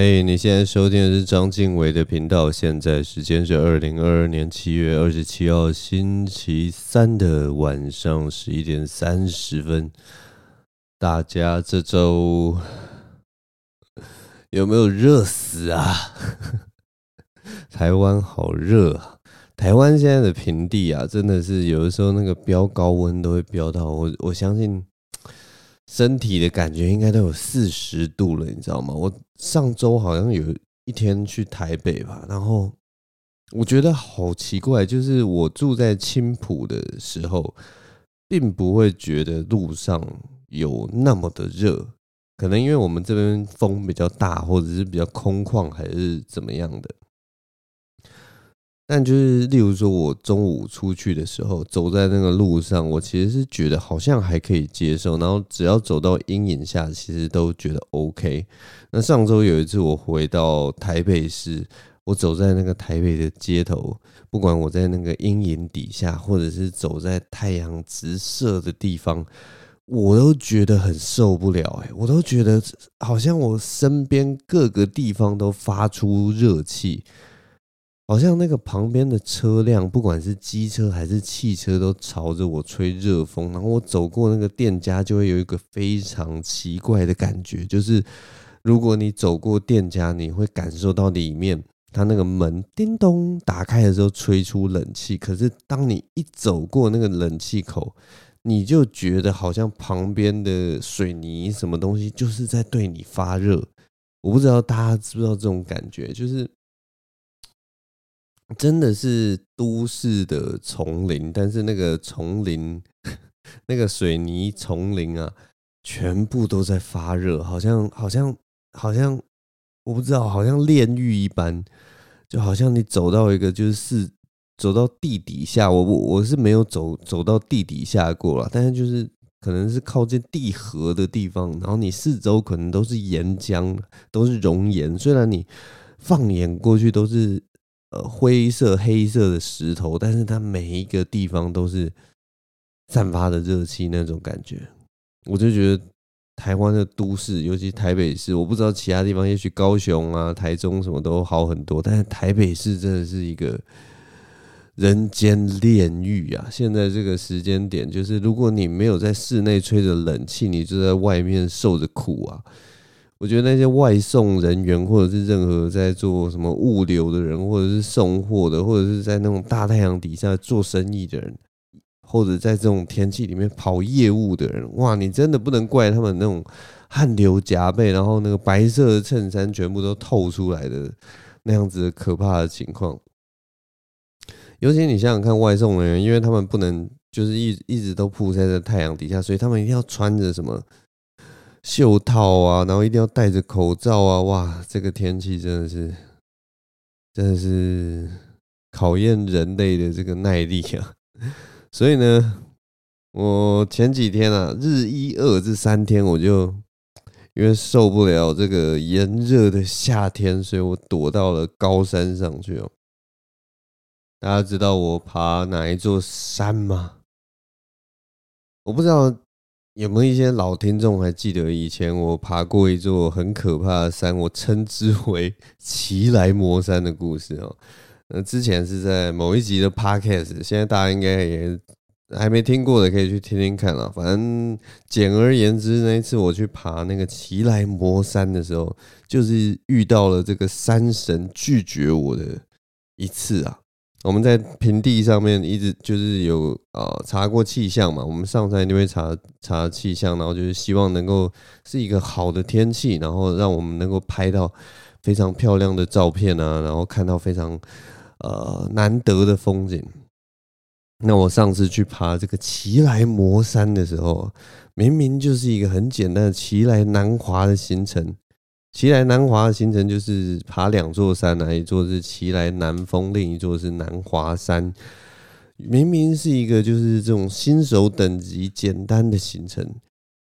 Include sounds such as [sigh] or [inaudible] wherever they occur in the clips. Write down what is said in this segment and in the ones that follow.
哎、hey，你現在收聽的是章晉唯的頻道。現在時間是二零二二年七月二十七號星期三的晚上十一點三十分。大家這周有沒有熱死啊？台灣好熱啊！台灣現在的平地啊，真的是有的時候那個飆高溫都會飆到我，我相信。身體的感覺應該都有四十度了，你知道嗎？我上周好像有一天去台北吧，然後我覺得好奇怪，就是我住在青浦的時候，並不會覺得路上有那麼的熱，可能因為我們這邊風比較大，或者是比較空曠，還是怎麼樣的。但就是，例如說，我中午出去的時候，走在那個路上，我其實是覺得好像還可以接受。然後只要走到陰影下，其實都覺得 OK。那上周有一次，我回到台北市，我走在那個台北的街頭，不管我在那個陰影底下，或者是走在太陽直射的地方，我都覺得很受不了。哎，我都覺得好像我身邊各個地方都發出熱氣。好像那個旁邊的車輛，不管是機車還是汽車，都朝着我吹熱風。然後我走過那個店家，就會有一個非常奇怪的感覺，就是如果你走過店家，你會感受到裡面它那個門叮咚打開的時候吹出冷氣，可是當你一走過那個冷氣口，你就覺得好像旁邊的水泥什麼東西就是在對你發熱。我不知道大家知不知道這種感覺，就是。真的是都市的叢林，但是那個叢林，那個水泥叢林啊，全部都在發熱，好像好像好像，我不知道，好像煉獄一般，就好像你走到一個就是四走到地底下，我我是沒有走走到地底下過啦，但是就是可能是靠近地核的地方，然後你四周可能都是岩漿，都是熔岩，雖然你放眼過去都是。呃，灰色、黑色的石頭，但是它每一個地方都是散發著熱氣，那種感覺，我就覺得台灣的都市，尤其台北市，我不知道其他地方，也許高雄啊、台中什麼都好很多，但是台北市真的是一個人間煉獄啊！現在這個時間點，就是如果你沒有在室內吹着冷氣，你就在外面受着苦啊。我覺得那些外送人員，或者是任何在做什麼物流的人，或者是送貨的，或者是在那種大太陽底下做生意的人，或者在這種天氣裡面跑業務的人，哇，你真的不能怪他們那種汗流浹背，然後那個白色的襯衫全部都透出來的那樣子可怕的情況。尤其你想想看，外送人員，因為他們不能就是一一直都曝曬在這太陽底下，所以他們一定要穿着什麼。袖套啊，然後一定要戴着口罩啊！哇，這個天氣真的是，真的是考驗人類的這個耐力啊！所以呢，我前幾天啊，日一二這三天，我就因為受不了這個炎熱的夏天，所以我躲到了高山上去哦、喔。大家知道我爬哪一座山嗎？我不知道。有沒有一些老聽眾還記得以前我爬過一座很可怕的山，我稱之為奇萊魔山的故事哦、喔，之前是在某一集的 podcast，現在大家應該也還沒聽過的，可以去聽聽看啊。反正簡而言之，那一次我去爬那個奇萊魔山的時候，就是遇到了這個山神拒絕我的一次啊。我們在平地上面一直就是有呃查過氣象嘛，我們上山就會查查氣象，然後就是希望能夠是一個好的天氣，然後讓我們能夠拍到非常漂亮的照片啊，然後看到非常呃難得的風景。那我上次去爬這個奇萊魔山的時候，明明就是一個很簡單的奇來南華的行程。奇來南華的行程就是爬兩座山，啊，一座是奇來南峰，另一座是南華山。明明是一個就是這種新手等級簡單的行程，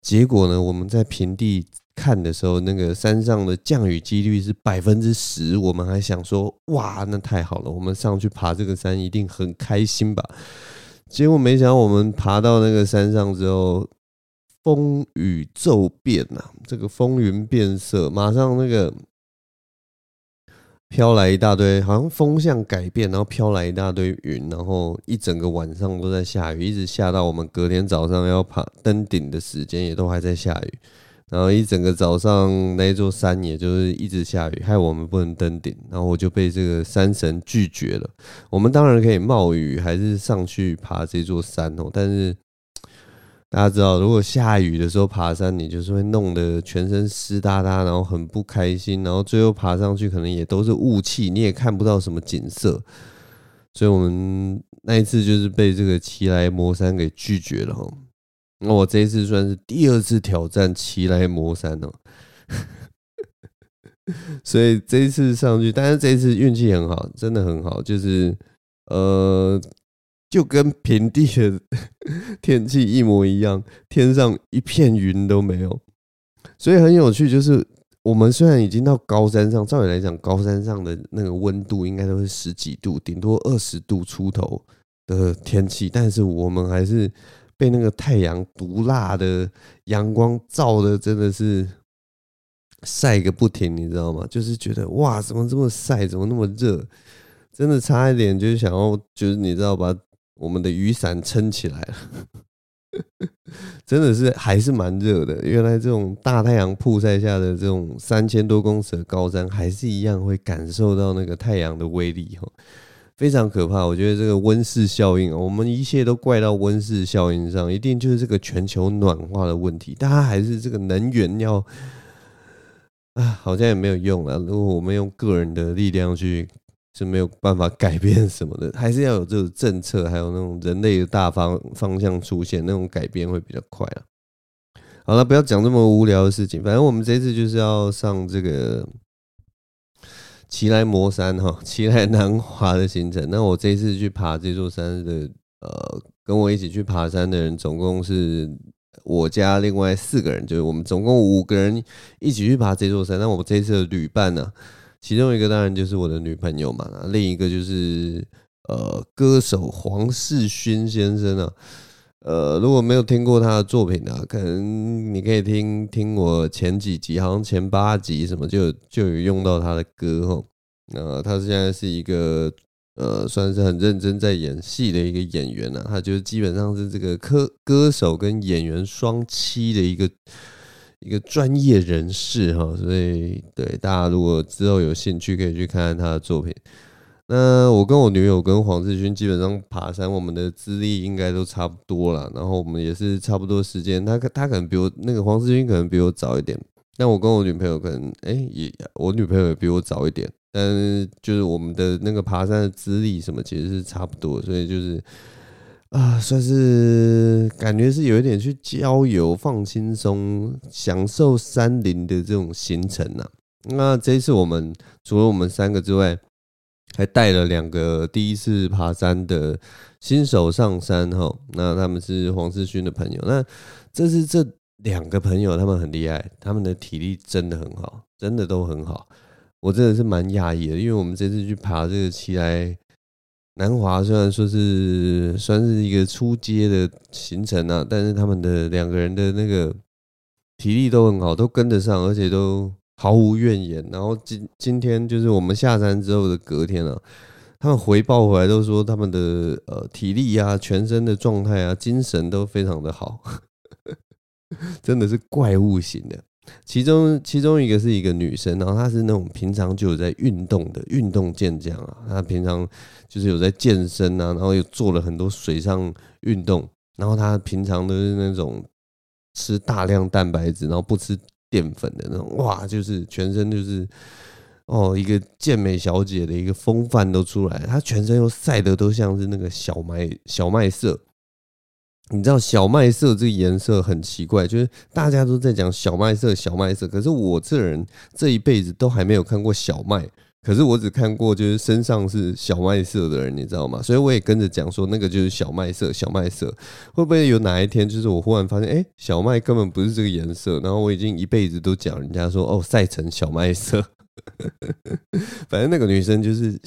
結果呢，我們在平地看的時候，那個山上的降雨幾率是百分之十，我們還想說哇，那太好了，我們上去爬這個山一定很開心吧。結果沒想到，我們爬到那個山上之後。風雨驟變吶啊，這個風雲變色，馬上那個飄來一大堆，好像風向改變，然後飄來一大堆雲，然後一整個晚上都在下雨，一直下到我們隔天早上要爬登頂的時間，也都還在下雨，然後一整個早上那座山也就是一直下雨，害我們不能登頂，然後我就被這個山神拒絕了。我們當然可以冒雨還是上去爬這座山哦，但是。大家知道，如果下雨的時候爬山，你就是會弄得全身濕噠噠，然後很不開心，然後最後爬上去可能也都是霧氣，你也看不到什麼景色。所以我們那一次就是被這個奇萊魔山給拒絕了哦，那我這一次算是第二次挑戰奇萊魔山哦、喔。所以這一次上去，但是這一次運氣很好，真的很好，就是呃。就跟平地的天氣一模一樣，天上一片雲都沒有，所以很有趣。就是我們雖然已經到高山上，照理來講，高山上的那個溫度應該都是十幾度，頂多二十度出頭的天氣，但是我們還是被那個太陽毒辣的陽光照的，真的是曬個不停，你知道嗎？就是覺得哇，怎麼這麼曬，怎麼那麼熱，真的差一點就想要，就是你知道吧？我們的雨傘撐起來了，真的是還是蠻熱的。原來這種大太陽曝曬下的這種三千多公尺的高山，還是一樣會感受到那個太陽的威力哦，非常可怕。我覺得這個溫室效應哦，我們一切都怪到溫室效應上，一定就是這個全球暖化的問題。大家還是這個能源要啊，好像也沒有用了。如果我們用個人的力量去。是沒有辦法改變什麼的，還是要有這種政策，還有那種人類的大方方向出現，那種改變會比較快啊。好了，不要講這麼無聊的事情，反正我們這次就是要上這個奇萊魔山哈，奇萊南華的行程。那我這次去爬這座山的，呃，跟我一起去爬山的人總共是我家另外四個人，就是我們總共五個人一起去爬這座山。那我這次的旅伴呢？其中一個當然就是我的女朋友嘛，另一個就是、呃、歌手黃世勳先生啊、呃，如果沒有聽過他的作品啊，可能你可以聽聽我前幾集，好像前八集什麼就，就有用到他的歌吼，呃、他現在是一個、呃、算是很認真在演戲的一個演員啊，他就是基本上是這個歌歌手跟演員雙棲的一個。一個專業人士哈，所以對大家如果之後有興趣，可以去看看他的作品。那我跟我女友跟黃志軍基本上爬山，我們的資歷應該都差不多了。然後我們也是差不多時間，他他可能比我那個黃志軍可能比我早一點，但我跟我女朋友可能哎、欸、也我女朋友也比我早一點，但就是我們的那個爬山的資歷什麼其實是差不多，所以就是。啊，算是感覺是有一點去郊遊、放輕鬆、享受山林的這種行程吶、啊。那這一次我們除了我們三個之外，還帶了兩個第一次爬山的新手上山哈。那他們是黃世勳的朋友。那這是這兩個朋友，他們很厲害，他們的體力真的很好，真的都很好。我真的是蠻訝異的，因為我們這次去爬這個奇萊、南華雖然說是算是一個初階的行程啊，但是他們的兩個人的那個體力都很好，都跟得上，而且都毫無怨言。然後今今天就是我們下山之後的隔天了、啊，他們回報回來都說他們的呃體力啊、全身的狀態啊、精神都非常的好， [laughs] 真的是怪物型的。其中其中一個是一個女生，然後她是那種平常就有在運動的運動健將啊，她平常就是有在健身啊，然後又做了很多水上運動，然後她平常都是那種吃大量蛋白質，然後不吃澱粉的那種，哇，就是全身就是哦一個健美小姐的一個風範都出來，她全身又曬得都像是那個小麥小麥色。你知道小麥色這個顏色很奇怪，就是大家都在講小麥色，小麥色。可是我這人這一輩子都還沒有看過小麥，可是我只看過就是身上是小麥色的人，你知道嗎？所以我也跟着講說那個就是小麥色，小麥色。會不會有哪一天就是我忽然發現，誒，小麥根本不是這個顏色，然後我已經一輩子都講人家說哦，曬成小麥色。 [laughs] 反正那個女生就是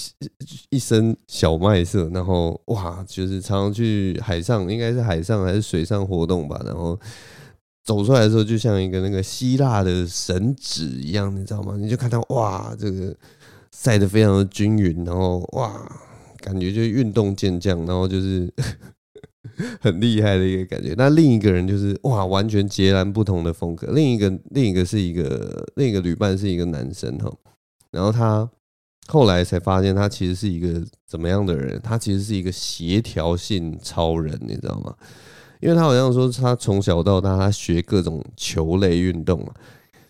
一身小麥色，然後哇，就是常常去海上，應該是海上還是水上活動吧。然後走出來的時候，就像一個那個希臘的神祇一樣，你知道嗎？你就看到哇，這個曬得非常的均匀，然後哇，感覺就運動健將，然後就是。 [laughs] 很厲害的一個感覺。那另一個人就是哇，完全截然不同的風格。另一個另一個是一個另一個旅伴是一個男生哈，然後他後來才發現他其實是一個怎麼樣的人？他其實是一個協調性超人，你知道嗎？因為他好像說他從小到大他學各種球類運動嘛，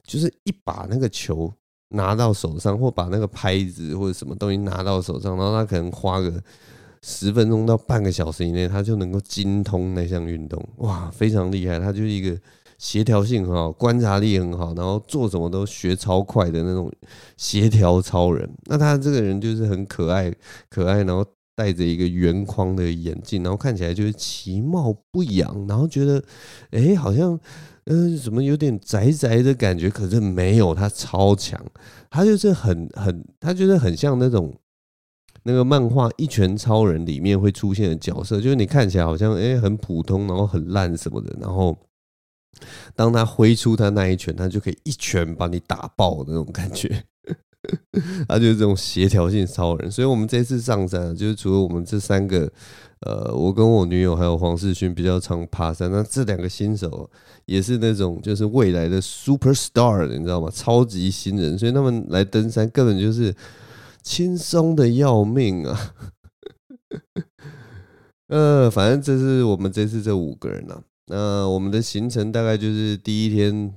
就是一把那個球拿到手上，或把那個拍子或者什麼東西拿到手上，然後他可能花個。十分鐘到半個小時以內，他就能夠精通那項運動，哇，非常厲害！他就是一個協調性很好、觀察力很好，然後做什麼都學超快的那種協調超人。那他這個人就是很可愛，可愛，然後戴着一個圓框的眼鏡，然後看起來就是其貌不揚，然後覺得誒、欸，好像嗯，怎麼有點宅宅的感覺？可是沒有，他超強，他就是很很，他就是很像那種。那個漫畫《一拳超人》裡面會出現的角色，就是你看起來好像哎、欸、很普通，然後很爛什麼的，然後當他揮出他那一拳，他就可以一拳把你打爆的那種感覺。 [laughs] 他就是這種協調性超人。所以我們這次上山，就是除了我們這三個，呃，我跟我女友還有黃世勳比較常爬山，那這兩個新手也是那種就是未來的 super star，你知道嗎？超級新人，所以他們來登山根本就是。輕鬆的要命啊！ [laughs] 呃，反正這是我們這次這五個人吶、啊。那我們的行程大概就是第一天，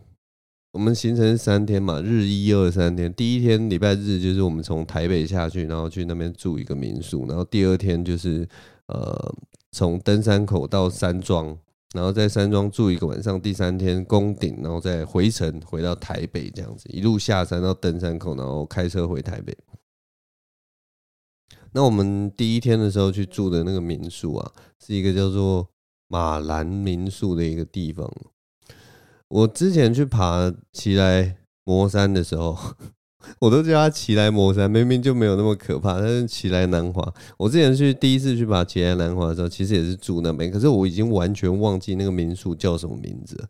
我們行程是三天嘛，日一、二、三天。第一天禮拜日就是我們從台北下去，然後去那邊住一個民宿，然後第二天就是呃從登山口到山莊，然後在山莊住一個晚上。第三天攻頂，然後再回程回到台北，這樣子一路下山到登山口，然後開車回台北。那我們第一天的時候去住的那個民宿啊，是一個叫做馬蘭民宿的一個地方。我之前去爬奇來魔山的時候，我都叫他奇來魔山，明明就沒有那麼可怕。但是奇來南華，我之前去第一次去爬奇來南華的時候，其實也是住那邊，可是我已經完全忘記那個民宿叫什麼名字了。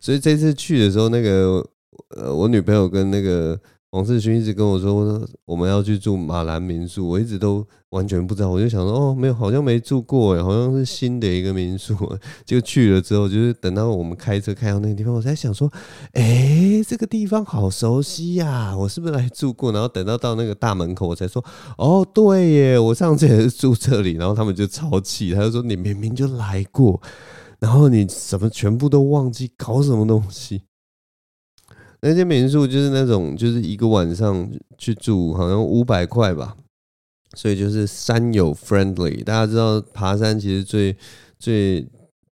所以這次去的時候，那個呃，我女朋友跟那個。王世勳一直跟我說，我們要去住馬蘭民宿，我一直都完全不知道。我就想說，哦，沒有，好像沒住過，欸，好像是新的一個民宿。就去了之後，就是等到我們開車開到那個地方，我才想說，誒，這個地方好熟悉呀，啊，我是不是來住過？然後等到到那個大門口，我才說，哦，對耶，我上次也是住這裡。然後他們就超氣，他就說，你明明就來過，然後你怎麼全部都忘記，搞什麼東西？那些民宿就是那種，就是一個晚上去住，好像五百塊吧，所以就是山友 friendly。大家知道，爬山其實最最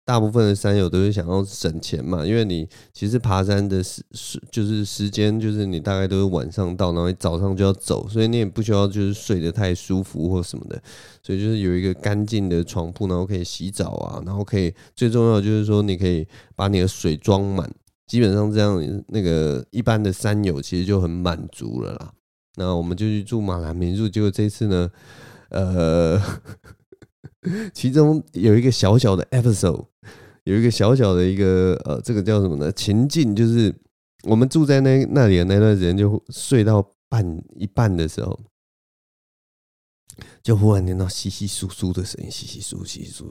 大部分的山友都是想要省錢嘛，因為你其實爬山的時就是時間就是你大概都是晚上到，然後你早上就要走，所以你也不需要就是睡得太舒服或什麼的，所以就是有一個乾淨的床鋪，然後可以洗澡啊，然後可以最重要就是說你可以把你的水裝滿。基本上這樣，那個一般的山友其實就很滿足了啦。那我們就去住馬來民宿，結果這次呢，呃呵呵，其中有一個小小的 episode，有一個小小的一個呃，這個叫什麼呢？情境就是我們住在那那裡的那段時間，就睡到半一半的時候，就忽然聽到窸窸窣窣的聲音，窸窸窣窸窸窣，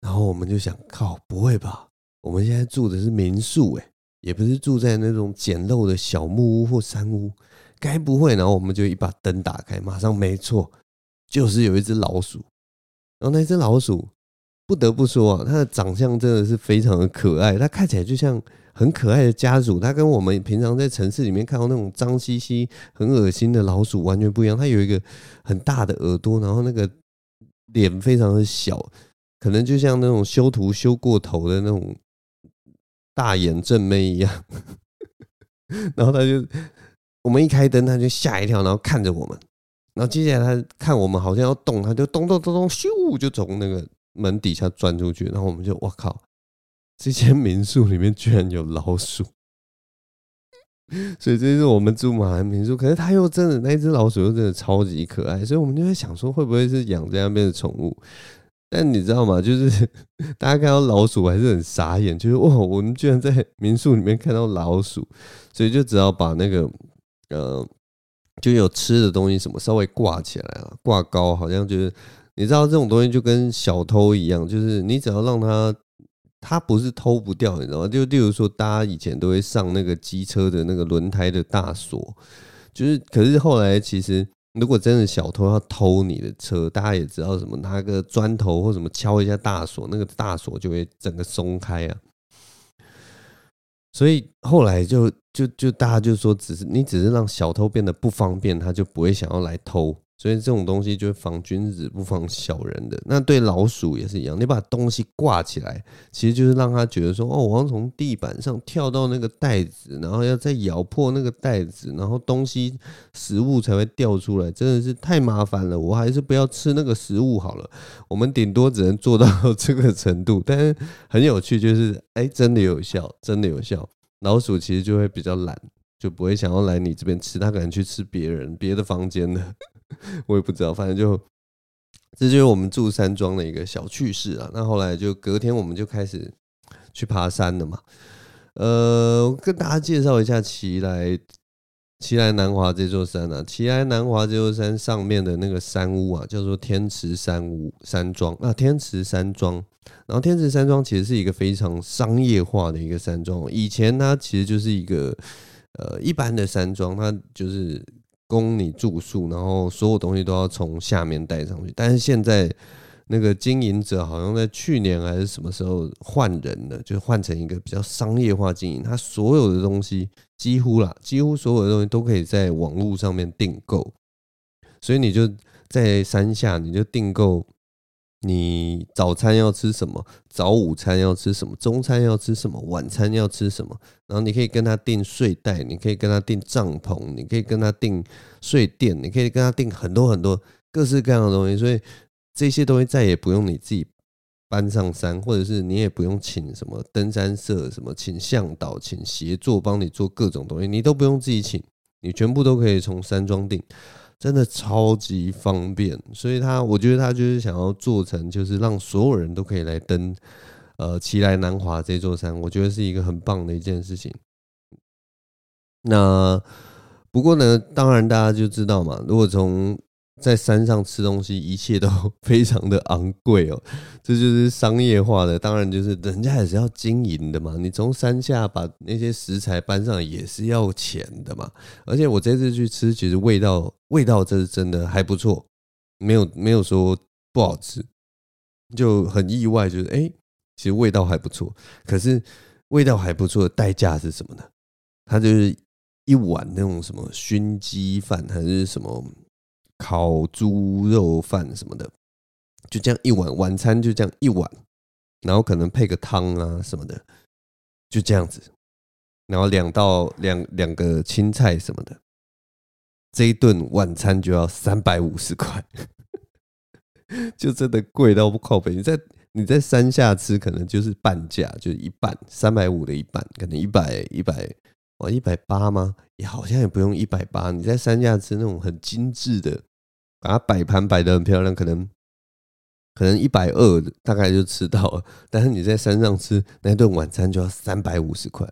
然後我們就想靠，不會吧？我們現在住的是民宿，欸，誒。也不是住在那種簡陋的小木屋或山屋，該不會？然後我們就一把燈打開，馬上沒錯，就是有一只老鼠。然後那只老鼠，不得不說啊，它的長相真的是非常的可愛，它看起來就像很可愛的家鼠，它跟我們平常在城市裡面看到那種髒兮兮、很噁心的老鼠完全不一樣。它有一個很大的耳朵，然後那個臉非常的小，可能就像那種修圖修過頭的那種。大眼正妹一樣，然後他就，我們一開燈，他就嚇一跳，然後看着我們，然後接下來他看我們好像要動，他就咚咚咚咚咻就從那個門底下鑽出去，然後我們就哇靠，這間民宿裡面居然有老鼠。所以這是我們住馬來民宿，可是他又真的那一隻老鼠又真的超級可愛，所以我們就在想說會不會是養在那邊的寵物。但你知道嗎？就是大家看到老鼠還是很傻眼，就是哇，我們居然在民宿裡面看到老鼠，所以就只要把那個呃，就有吃的東西什麼稍微掛起來啊，掛高，好像就是你知道這種東西就跟小偷一樣，就是你只要讓它，它不是偷不掉，你知道嗎？就例如說，大家以前都會上那個機車的那個輪胎的大鎖，就是可是後來其實。如果真的小偷要偷你的車，大家也知道什麼，拿個磚頭或什麼敲一下大鎖，那個大鎖就會整個鬆開啊。所以後來就就就大家就說，只是你只是讓小偷變得不方便，他就不會想要來偷。所以這種東西就是防君子不防小人的，那對老鼠也是一樣。你把東西掛起來，其實就是讓它覺得說：哦，我要從地板上跳到那個袋子，然後要再咬破那個袋子，然後東西食物才會掉出來。真的是太麻煩了，我還是不要吃那個食物好了。我們頂多只能做到這個程度。但是很有趣，就是哎、欸，真的有效，真的有效。老鼠其實就會比較懶，就不會想要來你這邊吃，他可能去吃別人別的房間的。我也不知道，反正就這就是我們住山莊的一個小趣事啊。那後來就隔天，我們就開始去爬山了嘛。呃，跟大家介紹一下奇萊奇萊南華這座山啊。奇萊南華這座山上面的那個山屋啊，叫做天池山屋山莊。那天池山莊，然後天池山莊其實是一個非常商業化的一個山莊。以前它其實就是一個呃一般的山莊，它就是。供你住宿，然後所有東西都要從下面帶上去。但是現在，那個經營者好像在去年還是什麼時候換人了，就換成一個比較商業化經營。他所有的東西幾乎啦，幾乎所有的東西都可以在網絡上面訂購，所以你就在山下你就訂購。你早餐要吃什麼？早午餐要吃什麼？中餐要吃什麼？晚餐要吃什麼？然後你可以跟他訂睡袋，你可以跟他訂帳篷，你可以跟他訂睡墊，你可以跟他訂很多很多各式各樣的東西。所以這些東西再也不用你自己搬上山，或者是你也不用請什麼登山社，什麼請向導，請協作幫你做各種東西，你都不用自己請，你全部都可以從山莊訂。真的超級方便，所以他我覺得他就是想要做成，就是讓所有人都可以來登，呃，奇萊南華這座山，我覺得是一個很棒的一件事情。那不過呢，當然大家就知道嘛，如果從在山上吃東西，一切都非常的昂貴哦。這就是商業化的，當然就是人家也是要經營的嘛。你從山下把那些食材搬上也是要錢的嘛。而且我這次去吃，其實味道味道這是真的還不錯，沒有沒有說不好吃，就很意外，就是欸，其實味道還不錯。可是味道還不錯的代價是什麼呢？它就是一碗那種什麼燻雞飯還是什麼。烤豬肉飯什麼的，就這樣一碗晚餐，就這樣一碗，然後可能配個湯啊什麼的，就這樣子，然後兩道兩兩個青菜什麼的，這一頓晚餐就要三百五十塊，就真的貴到不靠譜。你在你在山下吃可能就是半價，就是一半，三百五的一半，可能一百一百。哦，一百八嗎？也好像也不用一百八。你在山下吃那種很精致的，把它擺盤擺得很漂亮，可能可能一百二大概就吃到了。但是你在山上吃那頓晚餐就要三百五十塊。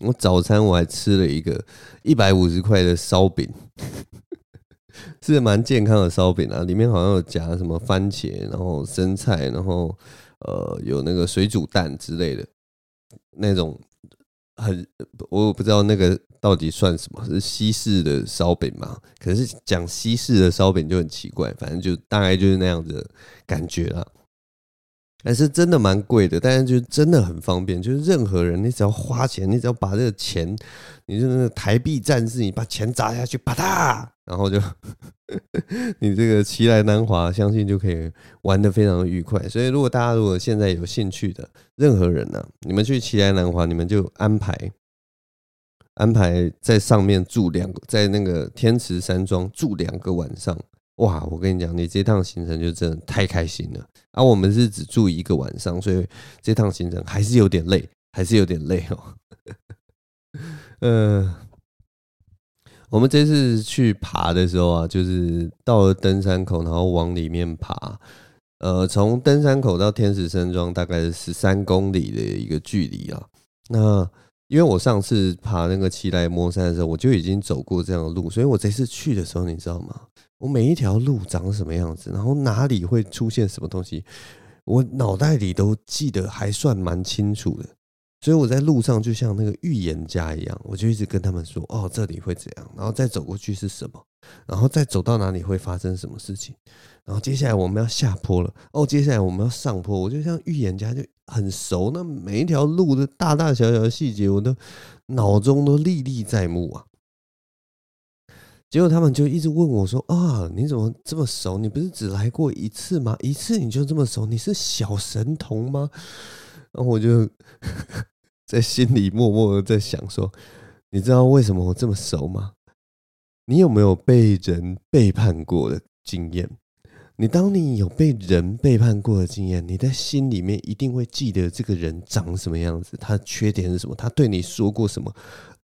我早餐我還吃了一個一百五十塊的燒餅， [laughs] 是蠻健康的燒餅啊，裡面好像有夾什麼番茄，然後生菜，然後呃有那個水煮蛋之類的那種。很，我不知道那個到底算什麼，是西式的燒餅嗎？可是講西式的燒餅就很奇怪，反正就大概就是那樣子的感覺啦。還是真的蠻貴的，但是就真的很方便，就是任何人，你只要花錢，你只要把這個錢，你就是那個台幣戰士，你把錢砸下去，啪嗒，然後就呵呵你這個奇萊南華，相信就可以玩得非常愉快。所以如果大家如果現在有興趣的，任何人呢、啊，你們去奇萊南華，你們就安排安排在上面住兩個，在那個天池山莊住兩個晚上。哇，我跟你講，你這趟行程就真的太開心了。啊，我們是只住一個晚上，所以這趟行程還是有點累，還是有點累。哦。 [laughs] 呃，我們這次去爬的時候啊，就是到了登山口，然後往裡面爬。呃，從登山口到天使山莊大概是十三公里的一個距離啊。那因為我上次爬那個奇萊魔山的時候，我就已經走過這樣的路，所以我這次去的時候，你知道嗎？我每一條路長什麼樣子，然後哪裡會出現什麼東西，我腦袋裡都記得還算蠻清楚的。所以我在路上就像那個預言家一樣，我就一直跟他們說：“哦，這裡會怎樣，然後再走過去是什麼，然後再走到哪裡會發生什麼事情，然後接下來我們要下坡了，哦，接下來我們要上坡。”我就像預言家，就很熟。那每一條路的大大小小的細節，我都腦中都歷歷在目啊。結果他們就一直問我說：“啊，你怎麼這麼熟？你不是只來過一次嗎？一次你就這麼熟？你是小神童嗎？”然後我就 [laughs] 在心裡默默的在想說：“你知道為什麼我這麼熟嗎？你有沒有被人背叛過的經驗？你當你有被人背叛過的經驗，你在心裡面一定會記得這個人長什麼樣子，他缺點是什麼，他對你說過什麼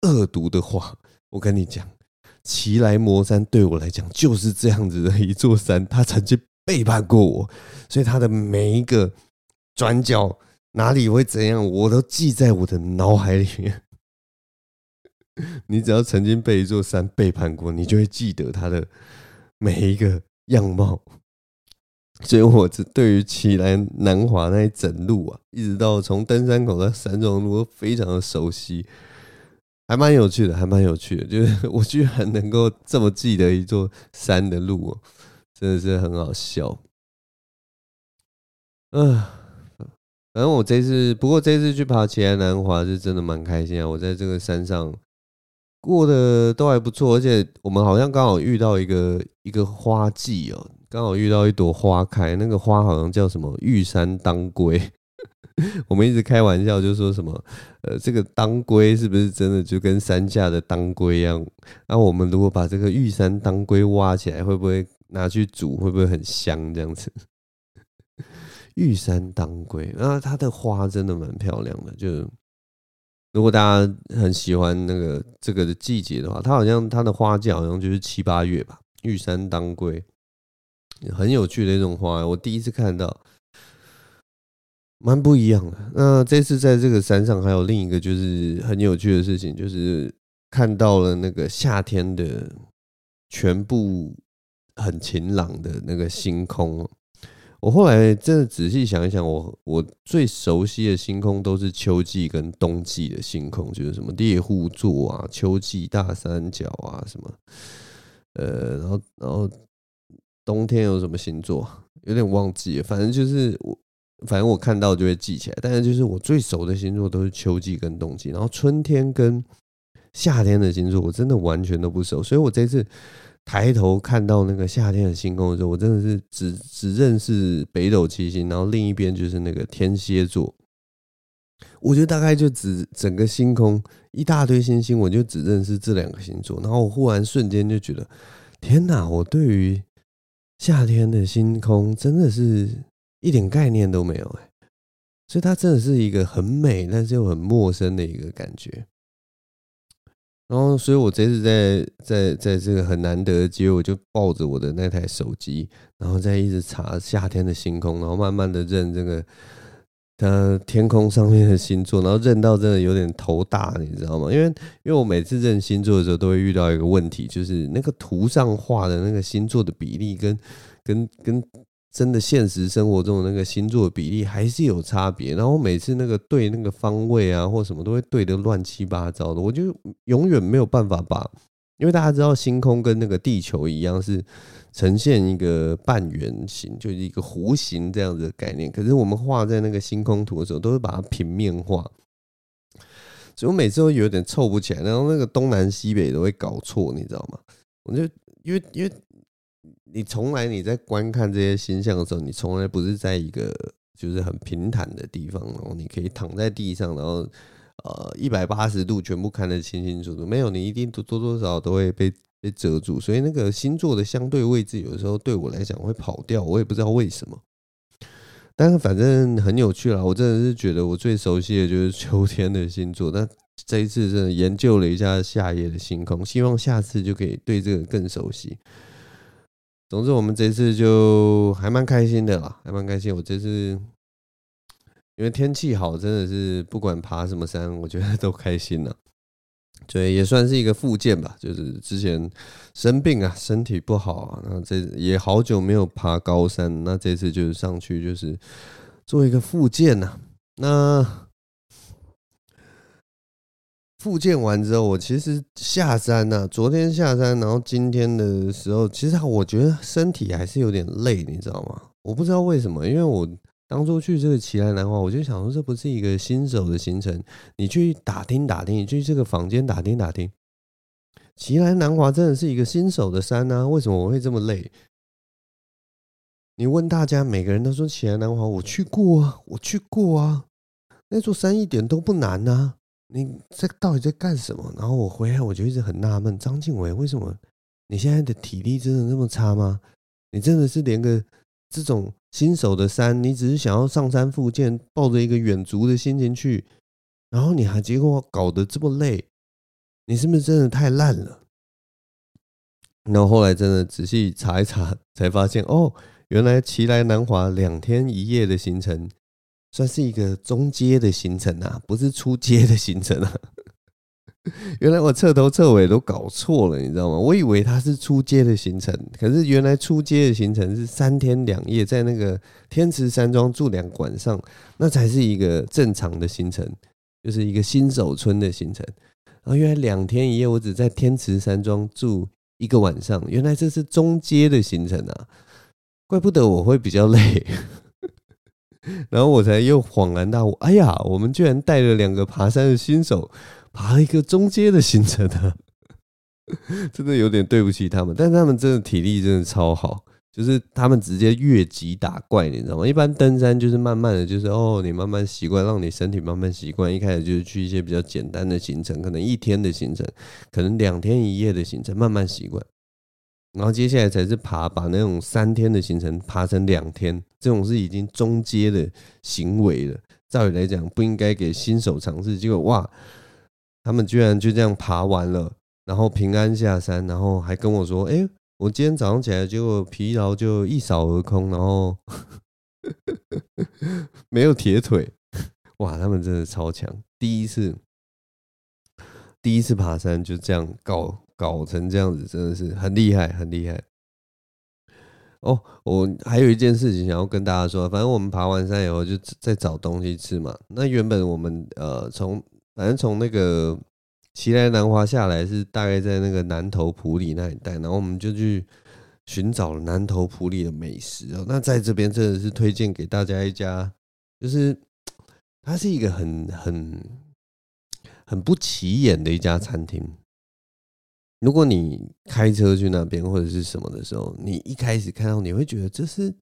惡毒的話。我跟你講。”奇萊魔山對我來講就是這樣子的一座山，他曾經背叛過我，所以他的每一個轉角哪裡會怎樣，我都記在我的腦海裡面。 [laughs] 你只要曾經被一座山背叛過，你就會記得他的每一個樣貌。所以，我只對於奇萊南華那一整路啊，一直到從登山口到山莊路，都非常的熟悉。還蠻有趣的，還蠻有趣的，就是我居然能夠這麼記得一座山的路喔，真的是很好笑。嗯，反正我這次，不過這次去爬奇萊南華是真的蠻開心啊。我在這個山上過得都還不錯，而且我們好像剛好遇到一個一個花季哦，剛好遇到一朵花開，那個花好像叫什麼玉山當歸。我們一直開玩笑，就說什麼，呃，這個當歸是不是真的就跟山下的當歸一樣啊？那我們如果把這個玉山當歸挖起來，會不會拿去煮？會不會很香？這樣子，玉山當歸，那它的花真的蠻漂亮的。就是如果大家很喜歡那個這個的季節的話，它好像它的花季好像就是七八月吧。玉山當歸，很有趣的一種花，我第一次看到。蠻不一樣的。那這次在這個山上，還有另一個就是很有趣的事情，就是看到了那個夏天的全部很晴朗的那個星空。我後來真的仔細想一想，我我最熟悉的星空都是秋季跟冬季的星空，就是什麼獵戶座啊、秋季大三角啊什麼。呃，然後然後冬天有什麼星座？有點忘記了。反正就是我。反正我看到就會記起來，但是就是我最熟的星座都是秋季跟冬季，然後春天跟夏天的星座我真的完全都不熟，所以我這次抬頭看到那個夏天的星空的時候，我真的是只只認識北斗七星，然後另一邊就是那個天蠍座，我覺得大概就只整個星空一大堆星星，我就只認識這兩個星座，然後我忽然瞬間就覺得，天哪、啊，我對於夏天的星空真的是。一點概念都沒有哎，所以它真的是一個很美，但是又很陌生的一個感覺。然後，所以我這次在，在在在這個很難得的機會，我就抱着我的那台手機，然後再一直查夏天的星空，然後慢慢的認這個它天空上面的星座，然後認到真的有點頭大，你知道嗎？因為因為我每次認星座的時候，都會遇到一個問題，就是那個圖上畫的那個星座的比例，跟跟跟。真的現實生活中的那個星座比例還是有差別，然後每次那個對那個方位啊或什麼都會對得亂七八糟的，我就永遠沒有辦法把，因為大家知道星空跟那個地球一樣是呈現一個半圓形，就是一個弧形這樣子的概念，可是我們畫在那個星空圖的時候，都會把它平面化，所以我每次都有點湊不起來，然後那個東南西北都會搞錯，你知道嗎？我就因為因為。你從來你在觀看這些星象的時候，你從來不是在一個就是很平坦的地方，然後你可以躺在地上，然後呃一百八十度全部看得清清楚楚。沒有，你一定多多多少少都會被被遮住。所以那個星座的相對位置，有時候對我來講會跑掉，我也不知道為什麼。但反正很有趣啦，我真的是覺得我最熟悉的就是秋天的星座，那這一次真的研究了一下夏夜的星空，希望下次就可以對這個更熟悉。總之，我們這次就還蠻開心的啦，還蠻開心。我這次因為天氣好，真的是不管爬什麼山，我覺得都開心了。對，也算是一個復健吧，就是之前生病啊，身體不好啊，那這也好久沒有爬高山，那這次就是上去就是做一個復健吶。那復健完之後，我其實下山呐、啊。昨天下山，然後今天的時候，其實我覺得身體還是有點累，你知道嗎？我不知道為什麼，因為我當初去這個奇萊南華，我就想說這不是一個新手的行程，你去打聽打聽，你去這個坊間打聽打聽。奇萊南華真的是一個新手的山啊？為什麼我會這麼累？你問大家，每個人都說奇萊南華我去過啊，我去過啊，那座山一點都不難啊。你這到底在幹什麼？然後我回來我就一直很納悶，章晉唯為什麼你現在的體力真的那麼差嗎？你真的是連個這種新手的山，你只是想要上山復健抱着一個遠足的心情去，然後你還結果搞得這麼累，你是不是真的太爛了？然後後來真的仔細查一查，才發現哦，原來奇萊南華兩天一夜的行程。算是一個中階的行程啊，不是初階的行程啊。原來我徹頭徹尾都搞錯了，你知道嗎？我以為它是初階的行程，可是原來初階的行程是三天兩夜，在那個天池山莊住兩晚上，那才是一個正常的行程，就是一個新手村的行程。然後原來兩天一夜我只在天池山莊住一個晚上，原來這是中階的行程啊，怪不得我會比較累。然後我才又恍然大悟，哎呀，我們居然帶了兩個爬山的新手，爬了一個中階的行程的啊，真的有點對不起他們。但他們真的體力真的超好，就是他們直接越級打怪，你知道嗎？一般登山就是慢慢的，就是哦，你慢慢習慣，讓你身體慢慢習慣。一開始就是去一些比較簡單的行程，可能一天的行程，可能兩天一夜的行程，慢慢習慣。然後接下來才是爬，把那種三天的行程爬成兩天，這種是已經中階的行為了。照理來講，不應該給新手嘗試。結果哇，他們居然就這樣爬完了，然後平安下山，然後還跟我說：“哎、欸，我今天早上起來，就果疲勞就一掃而空，然後 [laughs] 沒有鐵腿。”哇，他們真的超強！第一次第一次爬山就這樣告。搞成這樣子真的是很厲害，很厲害。哦、oh，我還有一件事情想要跟大家說，反正我們爬完山以後就在找東西吃嘛。那原本我們呃從反正從那個奇萊南華下來是大概在那個南投埔里那一帶，然後我們就去尋找南投埔里的美食哦。那在這邊真的是推薦給大家一家，就是它是一個很很很不起眼的一家餐廳。如果你開車去那邊或者是什麼的時候，你一開始看到你會覺得這是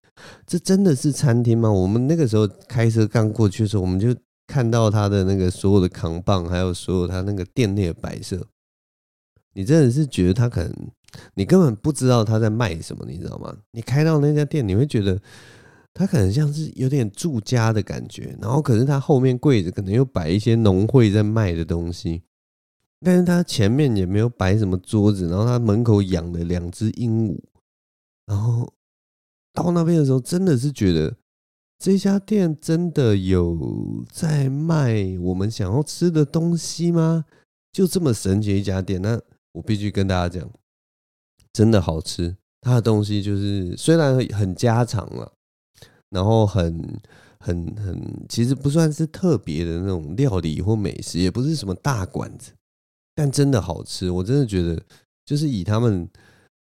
這真的是餐廳嗎？我們那個時候開車剛過去的時候，我們就看到他的那個所有的扛棒，還有所有他那個店內的擺設，你真的是覺得他可能你根本不知道他在賣什麼，你知道嗎？你開到那家店，你會覺得他可能像是有點住家的感覺，然後可是他後面櫃子可能又擺一些農會在賣的東西。但是他前面也沒有擺什麼桌子，然後他門口養了兩隻鸚鵡，然後到那邊的時候，真的是覺得這家店真的有在賣我們想要吃的東西嗎？就這麼神奇的一家店？那我必須跟大家講，真的好吃，他的東西就是雖然很家常了，然後很很很，其實不算是特別的那種料理或美食，也不是什麼大館子。但真的好吃，我真的覺得，就是以他們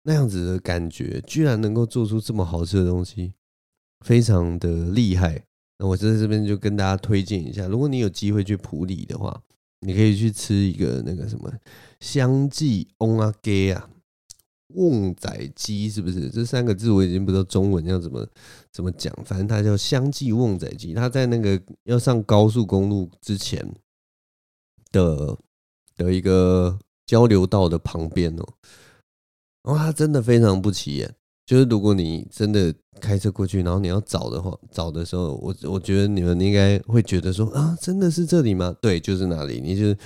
那樣子的感覺，居然能夠做出這麼好吃的東西，非常的厲害。那我就在這邊就跟大家推薦一下，如果你有機會去埔里的話，你可以去吃一個那個什麼香記翁啊雞啊甕仔雞，是不是？這三個字我已經不知道中文要怎麼怎麼講，反正它叫香記甕仔雞。它在那個要上高速公路之前的。有一個交流道的旁邊哦，哇，真的非常不起眼。就是如果你真的開車過去，然後你要找的話，找的時候，我我覺得你們應該會覺得說啊，真的是這裡嗎？對，就是那裡。你就是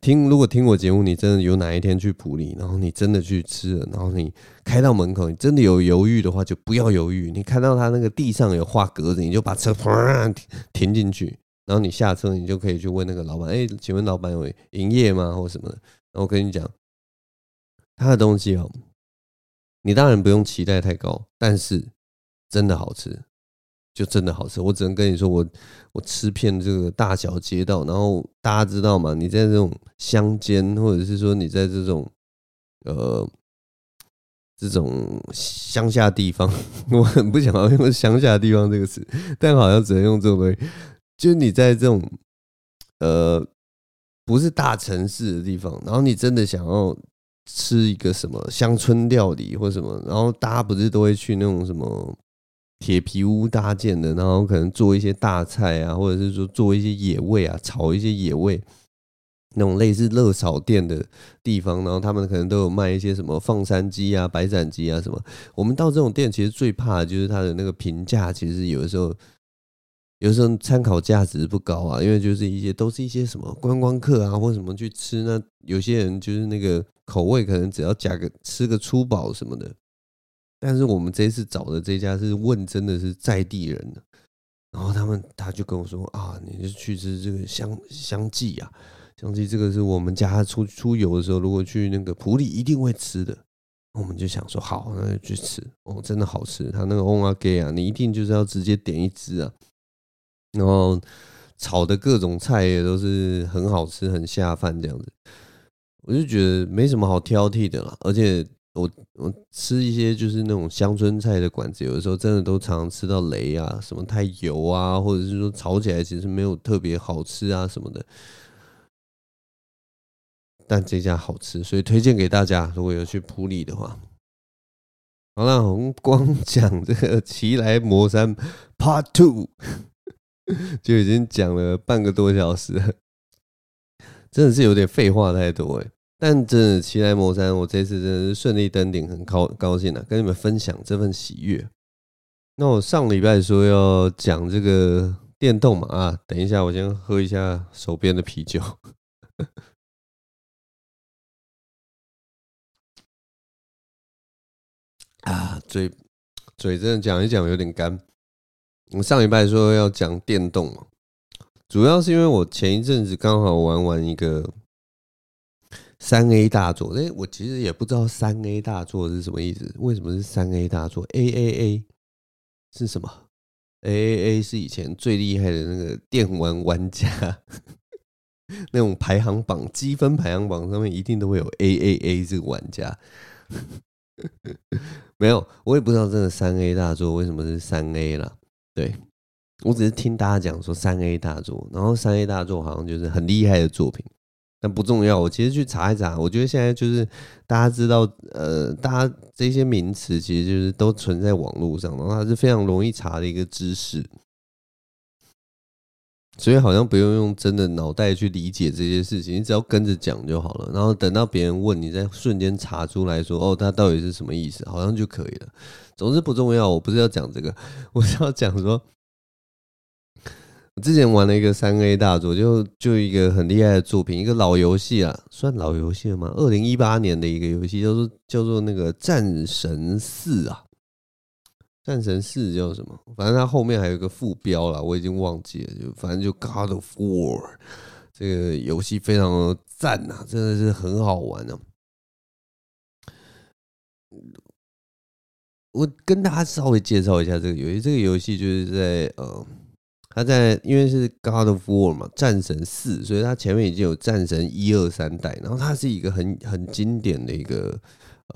聽，如果聽我節目，你真的有哪一天去埔里，然後你真的去吃了，然後你開到門口，你真的有猶豫的話，就不要猶豫。你看到他那個地上有畫格子，你就把車砰停進去。然後你下車，你就可以去問那個老闆：“哎、欸，請問老闆有營業嗎？或什麼的？”然後我跟你講，他的東西哦，你當然不用期待太高，但是真的好吃，就真的好吃。我只能跟你說我，我我吃遍這個大小街道，然後大家知道嗎？你在這種鄉間，或者是說你在這種呃這種鄉下地方，我很不想要用“鄉下地方”這個詞，但好像只能用這種東西。就是你在這種，呃，不是大城市的地方，然後你真的想要吃一個什麼鄉村料理或什麼，然後大家不是都會去那種什麼鐵皮屋搭建的，然後可能做一些大菜啊，或者是說做一些野味啊，炒一些野味，那種類似熱炒店的地方，然後他們可能都有賣一些什麼放山雞啊、白斬雞啊什麼。我們到這種店，其實最怕的就是它的那個評價，其實有的時候。有時候參考價值不高啊，因為就是一些都是一些什麼觀光客啊，或什麼去吃。那有些人就是那個口味，可能只要加個吃個粗飽什麼的。但是我們這次找的這家是問真的是在地人的，然後他們他就跟我說啊，你就去吃這個香香雞啊，香雞這個是我們家出出遊的時候，如果去那個埔里一定會吃的。我們就想說好，那就去吃。哦，真的好吃，他那個翁阿給啊，你一定就是要直接點一支啊。然後炒的各種菜也都是很好吃、很下飯這樣子，我就覺得沒什麼好挑剔的啦。而且我我吃一些就是那種鄉村菜的館子，有的時候真的都常常吃到雷啊，什麼太油啊，或者是說炒起來其實沒有特別好吃啊什麼的。但這家好吃，所以推薦給大家。如果有去埔里的話，好啦，我們光講這個奇萊魔山 Part Two。就已經講了半個多小時，真的是有點廢話太多哎，但真的奇萊魔山，我這次真的是順利登頂，很高高興啊，跟你們分享這份喜悅。那我上禮拜說要講這個電動嘛啊，等一下我先喝一下手邊的啤酒啊，嘴嘴真的講一講有點乾。我們上禮拜說要講電動嘛，主要是因為我前一陣子剛好玩完一個三 A 大作，哎，我其實也不知道三 A 大作是什麼意思，為什麼是三 A 大作？AAA 是什麼？AAA 是以前最厲害的那個電玩玩家， [laughs] 那種排行榜積分排行榜上面一定都會有 AAA 這個玩家。 [laughs] 沒有，我也不知道這個三 A 大作為什麼是三 A 啦。對，我只是聽大家講說三 A 大作，然後三 A 大作好像就是很厲害的作品，但不重要。我其實去查一查，我覺得現在就是大家知道，呃，大家這些名詞其實就是都存在網絡上，然後它是非常容易查的一個知識。所以好像不用用真的腦袋去理解這些事情，你只要跟着講就好了。然後等到別人問，你再瞬間查出來說，哦，他到底是什麼意思，好像就可以了。總之不重要，我不是要講這個，我是要講說，我之前玩了一個三 A 大作，就就一個很厲害的作品，一個老遊戲啊，算老遊戲了嗎？二零一八年的一個遊戲，叫做叫做那個《戰神四》啊。戰神四叫什麼？反正它後面還有個副標了，我已經忘記了。就反正就《God of War》這個遊戲非常讚啊，真的是很好玩呢、啊。我跟大家稍微介紹一下這個遊戲。這個遊戲就是在呃，他在，因為是《God of War》嘛，《戰神四》，所以他前面已經有《戰神》一二三代。然後他是一個很很經典的一個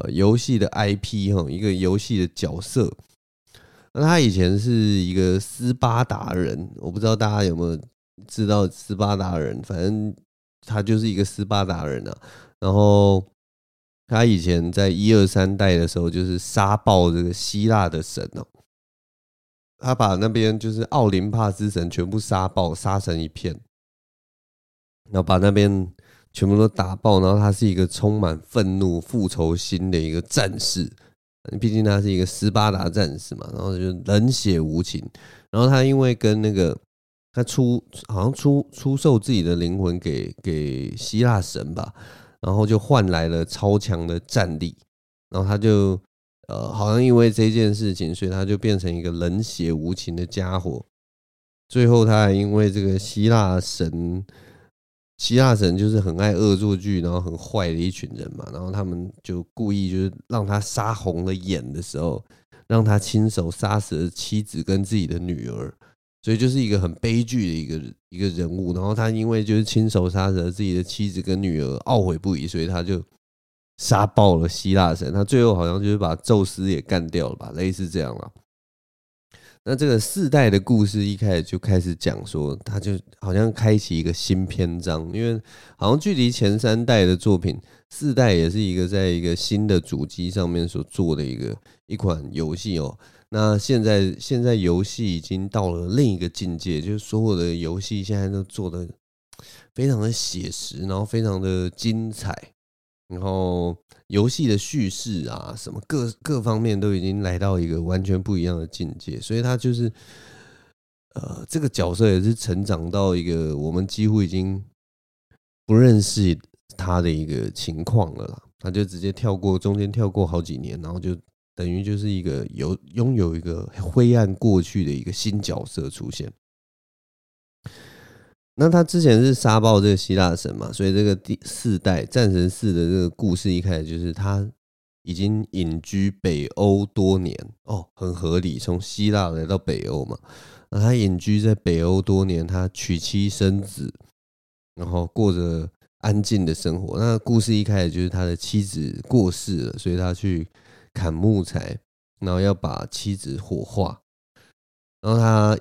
遊戲、呃、的 IP 哈，一個遊戲的角色。那他以前是一個斯巴達人，我不知道大家有沒有知道斯巴達人，反正他就是一個斯巴達人啊。然後他以前在一二三代的時候，就是殺爆這個希臘的神哦、啊，他把那邊就是奧林帕斯神全部殺爆，殺成一片，然後把那邊全部都打爆。然後他是一個充滿憤怒、復仇心的一個戰士。畢竟他是一個斯巴達戰士嘛，然後就冷血無情。然後他因為跟那個他出好像出出售自己的靈魂給給希臘神吧，然後就換來了超強的戰力。然後他就呃，好像因為這件事情，所以他就變成一個冷血無情的家伙。最後他還因為這個希臘神。希臘神就是很愛惡作劇，然後很壞的一群人嘛。然後他們就故意就是讓他殺紅了眼的時候，讓他親手殺死了妻子跟自己的女兒，所以就是一個很悲劇的一個一個人物。然後他因為就是親手殺死了自己的妻子跟女兒，懊悔不已，所以他就殺爆了希臘神。他最後好像就是把宙斯也幹掉了吧，類似這樣了啊。那這個四代的故事一開始就開始講說，他就好像開啟一個新篇章，因為好像距離前三代的作品，四代也是一個在一個新的主機上面所做的一個一款遊戲哦。那現在現在遊戲已經到了另一個境界，就是所有的遊戲現在都做得非常的寫實，然後非常的精彩。然後遊戲的敘事啊，什麼各各方面都已經來到一個完全不一樣的境界，所以他就是，呃，這個角色也是成長到一個我們幾乎已經不認識他的一個情況了啦。他就直接跳過中間，跳過好幾年，然後就等於就是一個有擁有一個灰暗過去的一個新角色出現。那他之前是殺爆這個希臘神嘛，所以這個第四代戰神四的這個故事一開始就是他已經隱居北歐多年哦，很合理，從希臘來到北歐嘛。那他隱居在北歐多年，他娶妻生子，然後過着安靜的生活。那故事一開始就是他的妻子過世了，所以他去砍木材，然後要把妻子火化，然後他。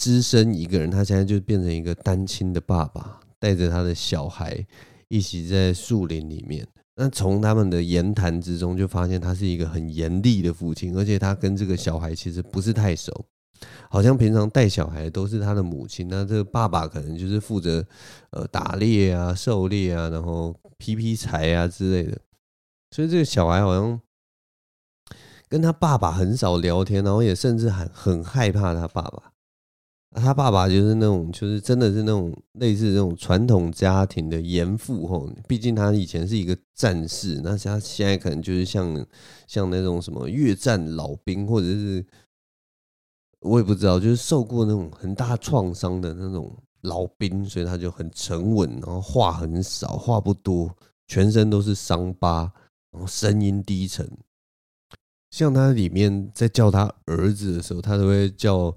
只身一個人，他現在就變成一個單親的爸爸，帶着他的小孩一起在樹林裡面。那從他們的言談之中，就發現他是一個很嚴厲的父親，而且他跟這個小孩其實不是太熟，好像平常帶小孩都是他的母親。那這個爸爸可能就是負責呃打獵啊、狩獵啊，然後劈劈柴啊之類的。所以這個小孩好像跟他爸爸很少聊天，然後也甚至很很害怕他爸爸。啊、他爸爸就是那種，就是真的是那種類似那種傳統家庭的嚴父吼。畢竟他以前是一個戰士，那他現在可能就是像像那種什麼越戰老兵，或者是我也不知道，就是受過那種很大創傷的那種老兵，所以他就很沉穩，然後話很少，話不多，全身都是傷疤，然後聲音低沉。像他裡面在叫他兒子的時候，他都會叫。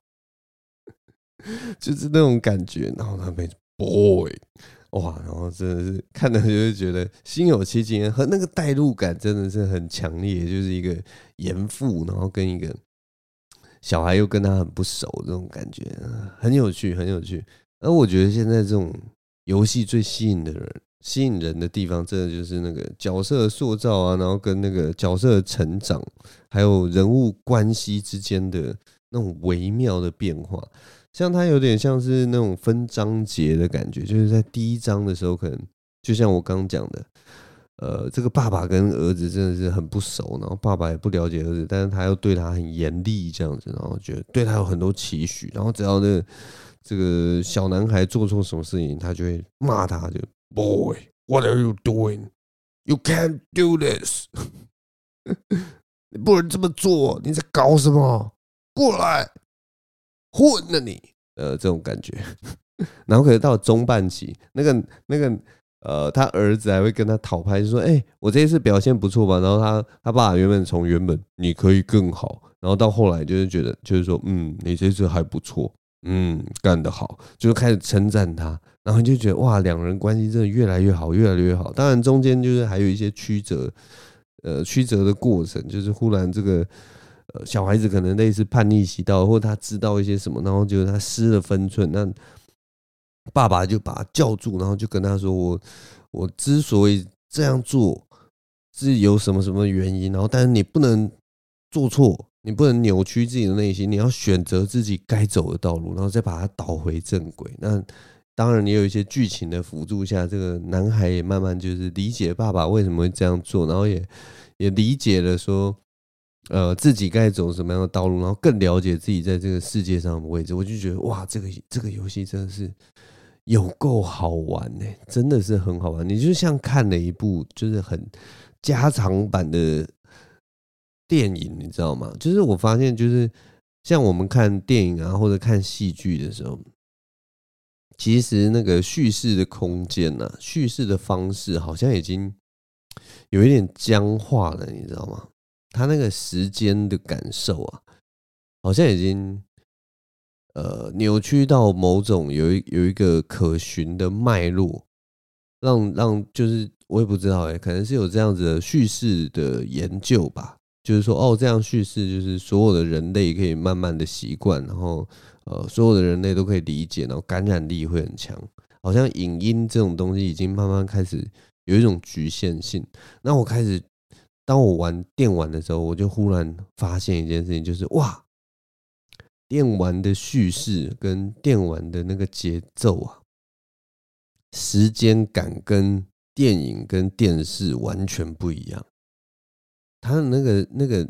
就是那種感覺，然後他被 boy，哇，然後真的是看了，就會覺得心有戚戚，和那個代入感真的是很強烈，就是一個嚴父，然後跟一個小孩又跟他很不熟，這種感覺很有趣，很有趣。而我覺得現在這種遊戲最吸引的人、吸引人的地方，真的就是那個角色的塑造啊，然後跟那個角色的成長，還有人物關係之間的那種微妙的變化。像他有點像是那種分章節的感覺，就是在第一章的時候，可能就像我剛講的，呃，這個爸爸跟兒子真的是很不熟，然後爸爸也不了解兒子，但是他又對他很嚴厲，這樣子，然後覺得對他有很多期許，然後只要那、這個、這個小男孩做錯什麼事情，他就會罵他，就 Boy，what are you doing？You can't do this， [laughs] 你不能這麼做，你在搞什麼？過來。混了你，呃，這種感覺， [laughs] 然後可是到了中半期，那個那個，呃，他兒子還會跟他討拍，就說：“哎，我這一次表現不錯吧？”然後他他爸原本從原本你可以更好，然後到後來就是覺得就是說，嗯，你這次還不錯，嗯，幹得好，就開始稱讚他，然後就覺得哇，兩人關係真的越來越好，越來越好。當然中間就是還有一些曲折，呃，曲折的過程，就是忽然這個。呃，小孩子可能類似叛逆期到，或他知道一些什麼，然後就他失了分寸，那爸爸就把他叫住，然後就跟他說：“我，我之所以這樣做，是有什麼什麼原因？然後，但是你不能做錯，你不能扭曲自己的內心，你要選擇自己該走的道路，然後再把他導回正軌。那當然，也有一些劇情的輔助下，這個男孩也慢慢就是理解爸爸為什麼會這樣做，然後也也理解了說。”呃，自己該走什麼樣的道路，然後更了解自己在這個世界上的位置。我就覺得哇，這個這個遊戲真的是有夠好玩呢，真的是很好玩。你就像看了一部就是很加長版的電影，你知道嗎？就是我發現，就是像我們看電影啊，或者看戲劇的時候，其實那個敘事的空間啊，敘事的方式好像已經有一點僵化了，你知道嗎？他那個時間的感受啊，好像已經呃扭曲到某種有有一個可循的脈絡，讓讓就是我也不知道哎、欸，可能是有這樣子的敘事的研究吧，就是說哦，這樣敘事就是所有的人類可以慢慢的習慣，然後呃，所有的人類都可以理解，然後感染力會很強。好像影音這種東西已經慢慢開始有一種局限性，那我開始。當我玩電玩的時候，我就忽然發現一件事情，就是哇，電玩的敘事跟電玩的那個節奏啊，時間感跟電影跟電視完全不一樣。它的那個那個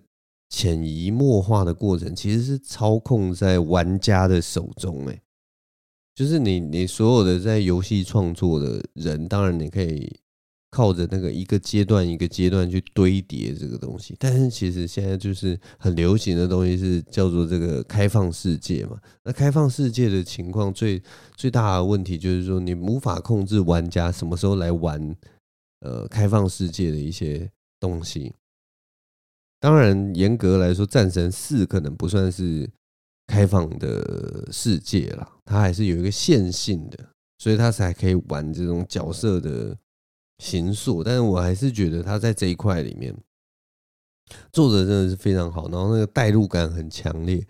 潛移默化的過程，其實是操控在玩家的手中。欸，就是你你所有的在遊戲創作的人，當然你可以。靠着那個一個階段一個階段去堆疊這個東西，但是其實現在就是很流行的東西是叫做這個開放世界嘛。那開放世界的情況最最大的問題就是說你無法控制玩家什麼時候來玩呃開放世界的一些東西。當然，嚴格來說，《戰神四》可能不算是開放的世界啦，它還是有一個線性的，所以它才可以玩這種角色的，行數，但是我還是覺得他在這一塊裡面做的真的是非常好，然後那個代入感很強烈，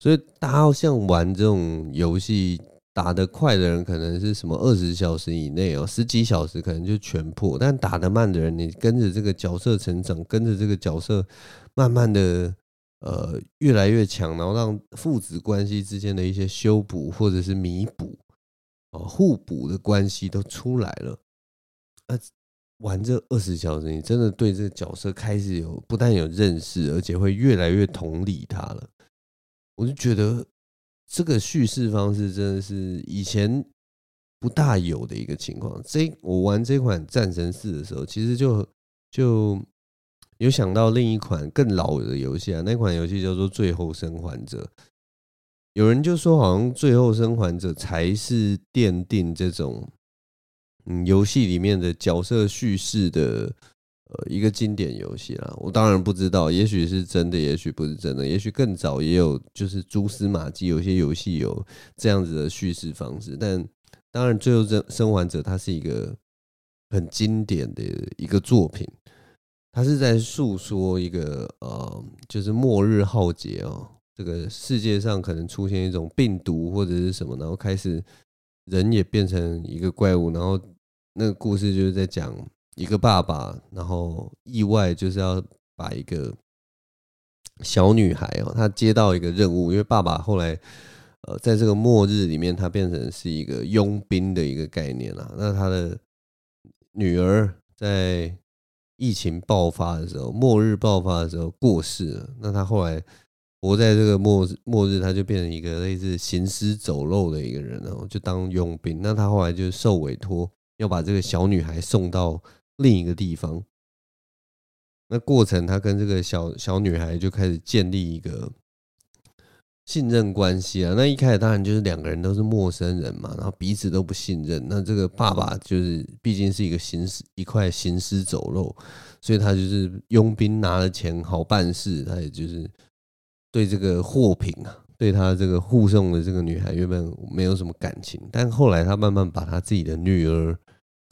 所以大家好像玩這種遊戲打得快的人，可能是什麼二十小時以內哦，十幾小時可能就全破，但打得慢的人，你跟着這個角色成長，跟着這個角色慢慢的呃越來越強，然後讓父子關係之間的一些修補或者是彌補，喔，互補的關係都出來了。玩這二十小時，你真的對這個角色開始有不但有認識，而且會越來越同理他了。我就覺得這個敘事方式真的是以前不大有的一個情況。這我玩這款《戰神四》的時候，其實就就有想到另一款更老的遊戲啊，那款遊戲叫做《最後生還者》。有人就說，好像《最後生還者》才是奠定這種。嗯，遊戲裡面的角色敘事的呃一個經典遊戲啦，我當然不知道，也許是真的，也許不是真的，也許更早也有就是蛛絲馬跡，有些遊戲有這樣子的敘事方式。但當然，最後這《生還者》它是一個很經典的一個作品，它是在訴說一個呃，就是末日浩劫喔，這個世界上可能出現一種病毒或者是什麼，然後開始人也變成一個怪物，然後。那個故事就是在講一個爸爸，然後意外就是要把一個小女孩哦，她接到一個任務，因為爸爸後來呃在這個末日裡面，他變成是一個傭兵的一個概念啦。那他的女兒在疫情爆發的時候，末日爆發的時候過世了。那他後來活在這個末日末日，他就變成一個類似行屍走肉的一個人喔，然後就當傭兵。那他後來就受委托。要把這個小女孩送到另一個地方，那過程，他跟這個小小女孩就開始建立一個信任關係啊。那一開始當然就是兩個人都是陌生人嘛，然後彼此都不信任。那這個爸爸就是畢竟是一個行屍一塊行屍走肉，所以他就是傭兵拿了錢好辦事，他也就是對這個貨品啊，對他這個護送的這個女孩原本沒有什麼感情，但後來他慢慢把他自己的女兒。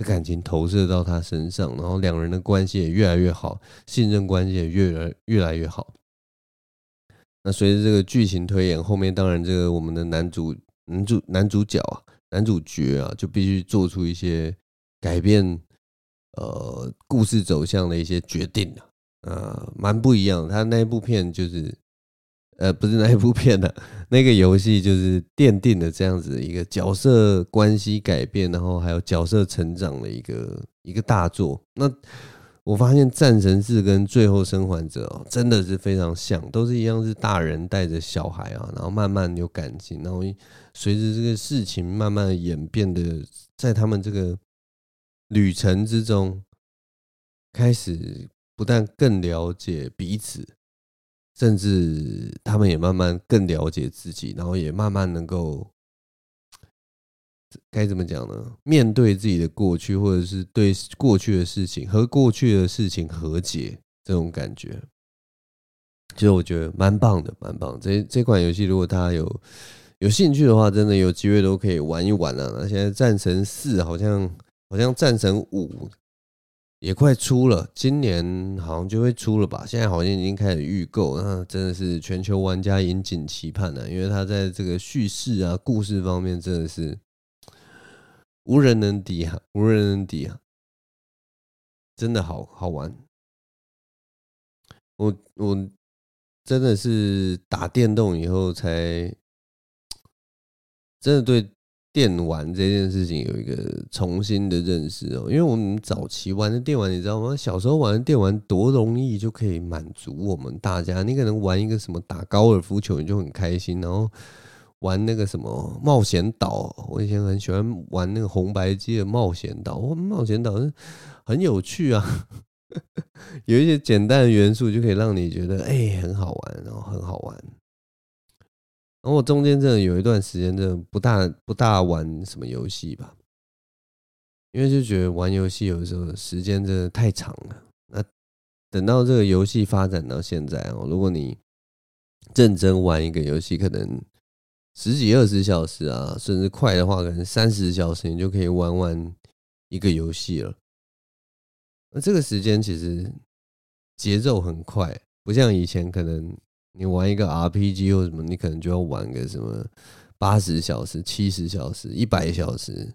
感情投射到他身上，然後兩人的關係也越來越好，信任關係也越來越來越好。那隨着這個劇情推演，後面當然這個我們的男主、男主、男主角啊、男主角啊，就必須做出一些改變，呃，故事走向的一些決定啊，呃，蠻不一樣。他那一部片就是。呃，不是那一部片啊，那個遊戲就是奠定了這樣子一個角色關係改變，然後還有角色成長的一個一個大作。那我發現《戰神四》跟《最後生還者》哦真的是非常像，都是一樣是大人帶着小孩啊，然後慢慢有感情，然後隨着這個事情，慢慢演變的，在他們這個旅程之中，開始不但更了解彼此。甚至他們也慢慢更了解自己，然後也慢慢能夠該怎麼講呢？面對自己的過去，或者是對過去的事情和過去的事情和解，這種感覺，其實我覺得蠻棒的，蠻棒的。這這款遊戲，如果大家有有興趣的話，真的有機會都可以玩一玩啊。那現在戰神四好像好像戰神五，也快出了，今年好像就會出了吧？現在好像已經開始預購，那真的是全球玩家引頸期盼了啊，因為他在這個敘事啊、故事方面，真的是無人能敵啊，無人能敵啊！真的好好玩，我我真的是打電動以後才真的對。電玩這件事情有一個重新的認識哦，因為我們早期玩的電玩，你知道嗎？小時候玩的電玩多容易就可以滿足我們大家。你可能玩一個什麼打高爾夫球，你就很開心；然後玩那個什麼冒險島，我以前很喜歡玩那個紅白機的冒險島。我冒險島很有趣啊，有一些簡單的元素就可以讓你覺得哎、欸、很好玩，然後很好玩。然後我中間真的有一段時間真的不大不大玩什麼遊戲吧，因為就覺得玩遊戲有的時候時間真的太長了。那等到這個遊戲發展到現在哦，如果你認真玩一個遊戲，可能十幾二十小時啊，甚至快的話可能三十小時你就可以玩完一個遊戲了。那這個時間其實節奏很快，不像以前可能。你玩一個 RPG 或什麼，你可能就要玩個什麼八十小時、七十小時、一百小時。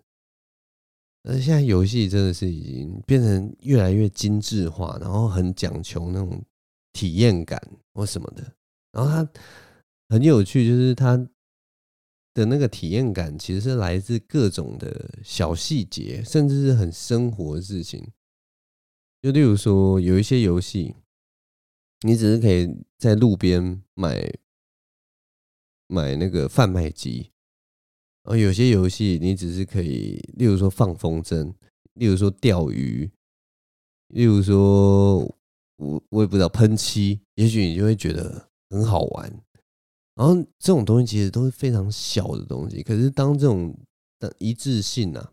但是現在遊戲真的是已經變成越來越精緻化，然後很講求那種體驗感或什麼的。然後它很有趣，就是它的那個體驗感其實是來自各種的小細節，甚至是很生活的事情。就例如說，有一些遊戲。你只是可以在路邊買買那個販賣機，然後有些遊戲你只是可以，例如說放風箏，例如說釣魚，例如說我我也不知道噴漆，也許你就會覺得很好玩。然後這種東西其實都是非常小的東西，可是當這種的一致性啊，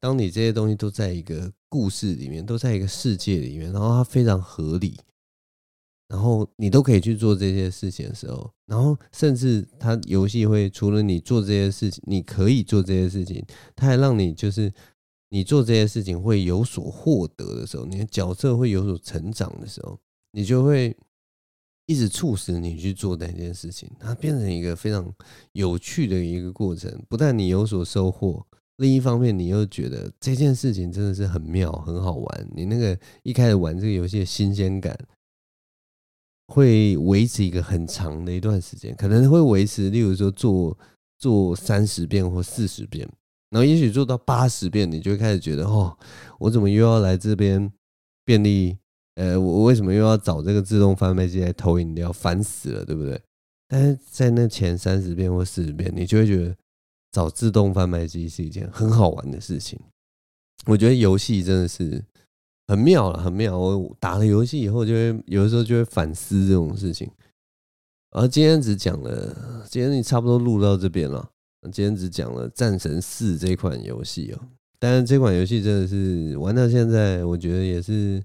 當你這些東西都在一個故事裡面，都在一個世界裡面，然後它非常合理。然後你都可以去做這些事情的時候，然後甚至它遊戲會除了你做這些事情，你可以做這些事情，它還讓你就是你做這些事情會有所獲得的時候，你的角色會有所成長的時候，你就會一直促使你去做那件事情，它變成一個非常有趣的一個過程。不但你有所收穫，另一方面你又覺得這件事情真的是很妙、很好玩。你那個一開始玩這個遊戲的新鮮感。會維持一個很長的一段時間，可能會維持，例如說做做三十遍或四十遍，然後也許做到八十遍，你就會開始覺得哦，我怎麼又要來這邊便利？呃，我為什麼又要找這個自動販賣機來投飲料？煩死了，對不對？但是在那前三十遍或四十遍，你就會覺得找自動販賣機是一件很好玩的事情。我覺得遊戲真的是。很妙了，很妙！我打了遊戲以後，就會有的時候就會反思這種事情。而今天只講了，今天你差不多錄到這邊了。今天只講了《戰神四》這款遊戲哦，但是這款遊戲真的是玩到現在，我覺得也是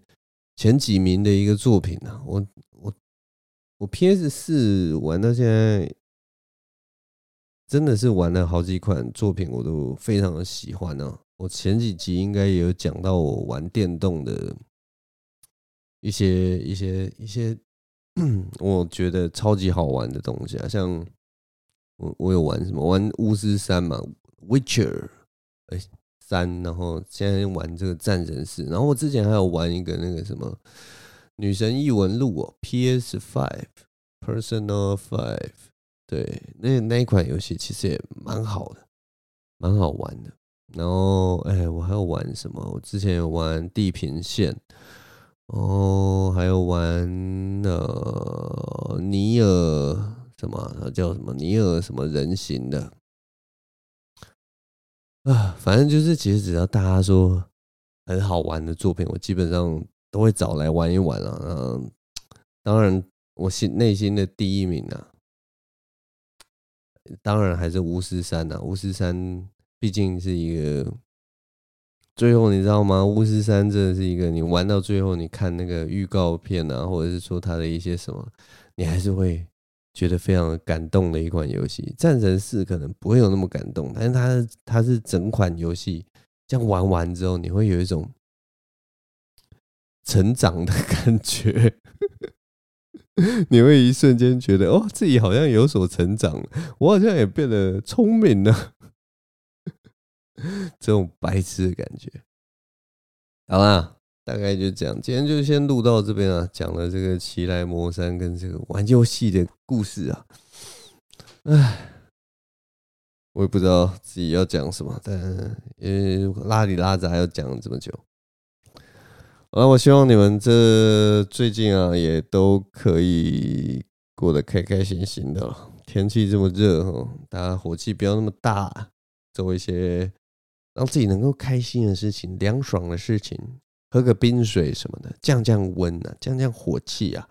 前幾名的一個作品呢。我我我 PS 四玩到現在，真的是玩了好幾款作品，我都非常的喜歡呢。我前幾集應該也有講到我玩電動的一些一些一些、一些，我覺得超級好玩的東西啊，像我我有玩什麼玩巫師三嘛，Witcher 哎三，Witcher3，然後現在玩這個戰神四，然後我之前還有玩一個那個什麼女神異聞錄哦，P S Five Personal Five，對，那那一款遊戲其實也蠻好的，蠻好玩的。然後，哎、欸，我還要玩什麼？我之前有玩《地平線》，然後還有玩呃《尼爾》什麼？它叫什麼《尼爾》什麼人形的？啊，反正就是，其實只要大家說很好玩的作品，我基本上都會找來玩一玩啊。嗯，當然，我心內心的第一名啊，當然還是、啊《巫師三》吶，《巫師三》。畢竟是一個，最後你知道嗎？巫師三真的是一個你玩到最後，你看那個預告片啊，或者是說他的一些什麼，你還是會覺得非常感動的一款遊戲。戰神四可能不會有那麼感動，但是它它是整款遊戲，這樣玩完之後，你會有一種成長的感覺。 [laughs] 你會一瞬間覺得哦，自己好像有所成長，我好像也變得聰明了。這種白痴的感覺，好啦，大概就這樣。今天就先錄到這邊啊，講了這個奇萊魔山跟這個玩遊戲的故事啊。唉，我也不知道自己要講什麼，但呃，拉里拉雜還要講這麼久。好啦，我希望你們這最近啊，也都可以過得開開心心的。天氣這麼熱哈，大家火氣不要那麼大，做一些。讓自己能夠開心的事情，涼爽的事情，喝個冰水什麼的，降降溫啊，降降火氣啊！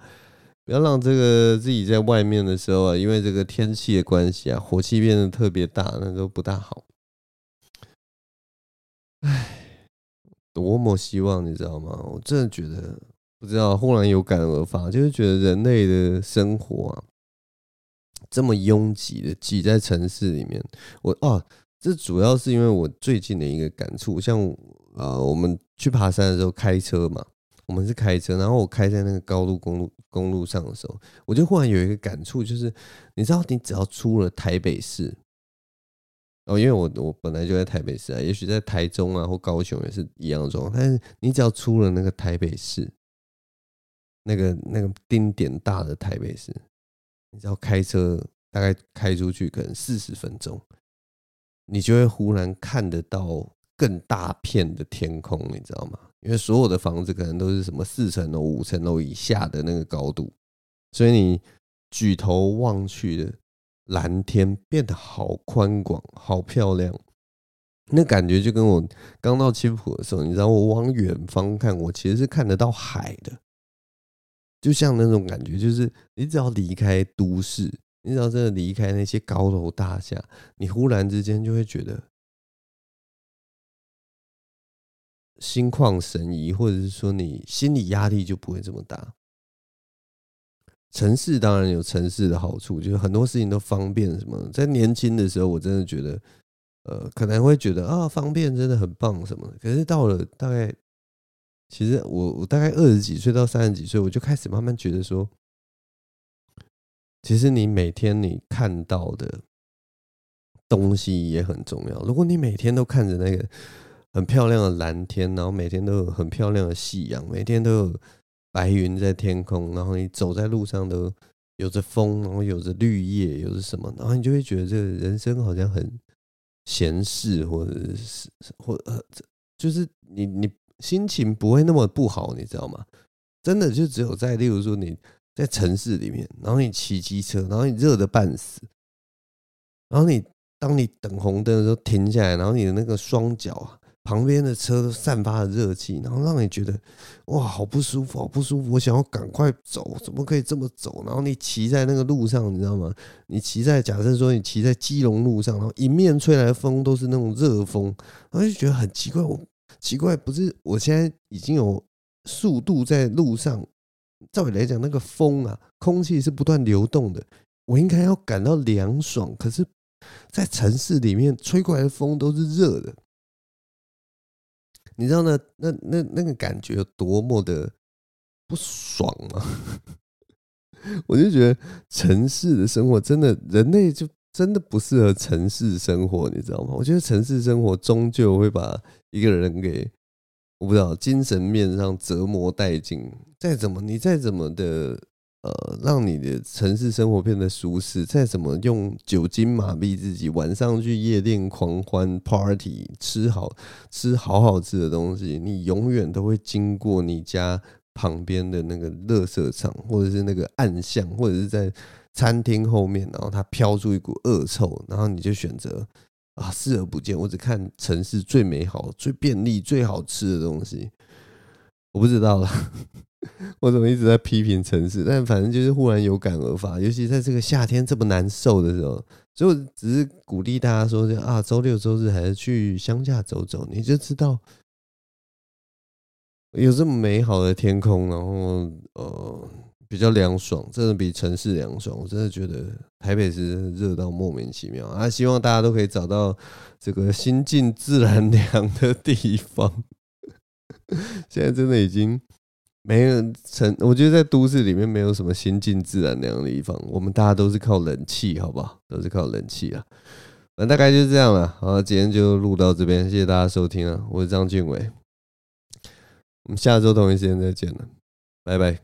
不要讓這個自己在外面的時候啊，因為這個天氣的關係啊，火氣變得特別大，那都不大好。唉，多麼希望你知道嗎？我真的覺得，不知道，忽然有感而發，就是覺得人類的生活啊，這麼擁擠的擠在城市裡面，我哦。這主要是因為我最近的一個感觸，像，像、啊、呃，我們去爬山的時候開車嘛，我們是開車，然後我開在那個高速公路公路上的時候，我就忽然有一個感觸，就是你知道，你只要出了台北市，哦，因為我我本來就在台北市啊，也許在台中啊或高雄也是一樣的狀況，但是你只要出了那個台北市，那個那個丁點大的台北市，你知道開車大概開出去可能四十分鐘。你就會忽然看得到更大片的天空，你知道嗎？因為所有的房子可能都是什麼四層樓、五層樓以下的那個高度，所以你舉頭望去的藍天變得好寬廣、好漂亮。那感覺就跟我剛到青浦的時候，你知道，我往遠方看，我其實是看得到海的，就像那種感覺，就是你只要離開都市。你只要真的離開那些高樓大廈，你忽然之間就會覺得心曠神怡，或者是說你心理壓力就不會這麼大。城市當然有城市的好處，就是很多事情都方便什麼。在年輕的時候，我真的覺得，呃，可能會覺得啊，方便真的很棒什麼的。可是到了大概，其實我我大概二十幾歲到三十幾歲，我就開始慢慢覺得說。其實你每天你看到的東西也很重要。如果你每天都看着那個很漂亮的藍天，然後每天都有很漂亮的夕陽，每天都有白雲在天空，然後你走在路上都有着風，然後有着綠葉，有着什麼，然後你就會覺得這個人生好像很閒適，或者是或呃，就是你你心情不會那麼不好，你知道嗎？真的就只有在例如說你。在城市裡面，然後你騎機車，然後你熱得半死，然後你當你等紅燈的時候停下來，然後你的那個雙腳啊，旁邊的車都散發着熱氣，然後讓你覺得哇，好不舒服，好不舒服，我想要趕快走，怎麼可以這麼走？然後你騎在那個路上，你知道嗎？你騎在假設說你騎在基隆路上，然後迎面吹來的風都是那種熱風，然後就覺得很奇怪，我奇怪不是，我現在已經有速度在路上。照理來講，那個風啊，空氣是不斷流動的，我應該要感到涼爽。可是，在城市裡面吹過來的風都是熱的，你知道那那那那個感覺有多麼的不爽嗎？我就覺得城市的生活，真的，人類就真的不適合城市生活，你知道嗎？我覺得城市生活終究會把一個人給。我不知道，精神面上折磨殆盡，再怎麼你再怎麼的，呃，讓你的城市生活變得舒適，再怎麼用酒精麻痹自己，晚上去夜店狂歡 party，吃好吃好好吃的東西，你永遠都會經過你家旁邊的那個垃圾場，或者是那個暗巷，或者是在餐廳後面，然後它飄出一股惡臭，然後你就選擇。啊，視而不見，我只看城市最美好、最便利、最好吃的東西。我不知道了， [laughs] 我怎麼一直在批評城市？但反正就是忽然有感而發，尤其在這個夏天這麼難受的時候，所以我就只是鼓勵大家說，啊，周六周日還是去鄉下走走，你就知道有這麼美好的天空。然後，呃。比較涼爽，真的比城市涼爽。我真的覺得台北是熱到莫名其妙啊！希望大家都可以找到這個心靜自然涼的地方。 [laughs] 現在真的已經沒有成，我覺得在都市裡面沒有什麼心靜自然涼的地方。我們大家都是靠冷氣，好不好？都是靠冷氣啊。那大概就是這樣了。好，今天就錄到這邊，謝謝大家收聽啊！我是章晉唯，我們下周同一時間再見了，拜拜。